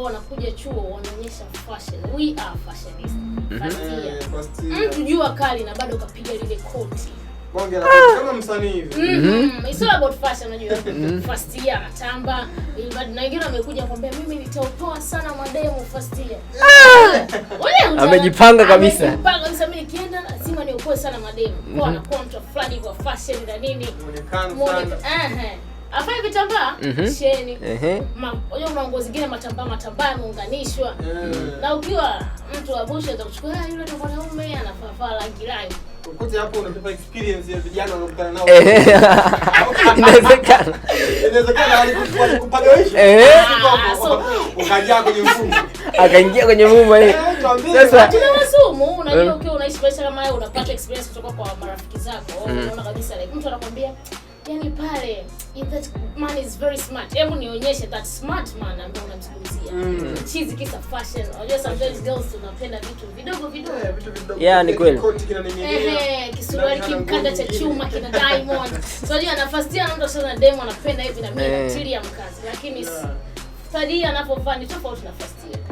ambao wanakuja chuo wanaonyesha fashion. We are fashionista. Mm-hmm. Eh, mtu jua kali na bado kapiga lile koti ah! kama msanii hivi. Mm-hmm. Mm-hmm. It's all about fashion unajua. First year anatamba. Na wengine wamekuja kwambia mimi nitaotoa sana mademu first year. Ah! amejipanga kabisa. Amejipanga kabisa mimi nikienda lazima sana mademu. Kwa anakuwa mtu fulani kwa fashion na nini. Muonekano sana. Eh eh vitambaa mm -hmm. sheni mm -hmm. manguo zingine matambaa matambaa yameunganishwa mm -hmm. na ukiwa mtu wa busha atakuchukua ah, yule ndo mwanaume anafaa rangi rangi eh. eh. ah, kwenye Akaingia kwenye mfumo eh, unaishi maisha kama unapata experience kutoka kwa marafiki zako. Oh, mm. Unaona kabisa like mtu anakwambia yani pale that man is very smart. Hebu nionyeshe that smart man ambaye unamzungumzia. Mm. Chizi kisa fashion. Unajua sometimes girls tunapenda vitu vidogo vidogo. Yeah, vitu vidogo. Yeah, ni kweli. Koti kina Eh, kisuruali kimkanda cha chuma kina diamond. So unajua anafastia na mtu sana demo anapenda hivi na mimi eh. natilia mkazi. Lakini yeah. Sadia anapovaa ni tofauti na fastia.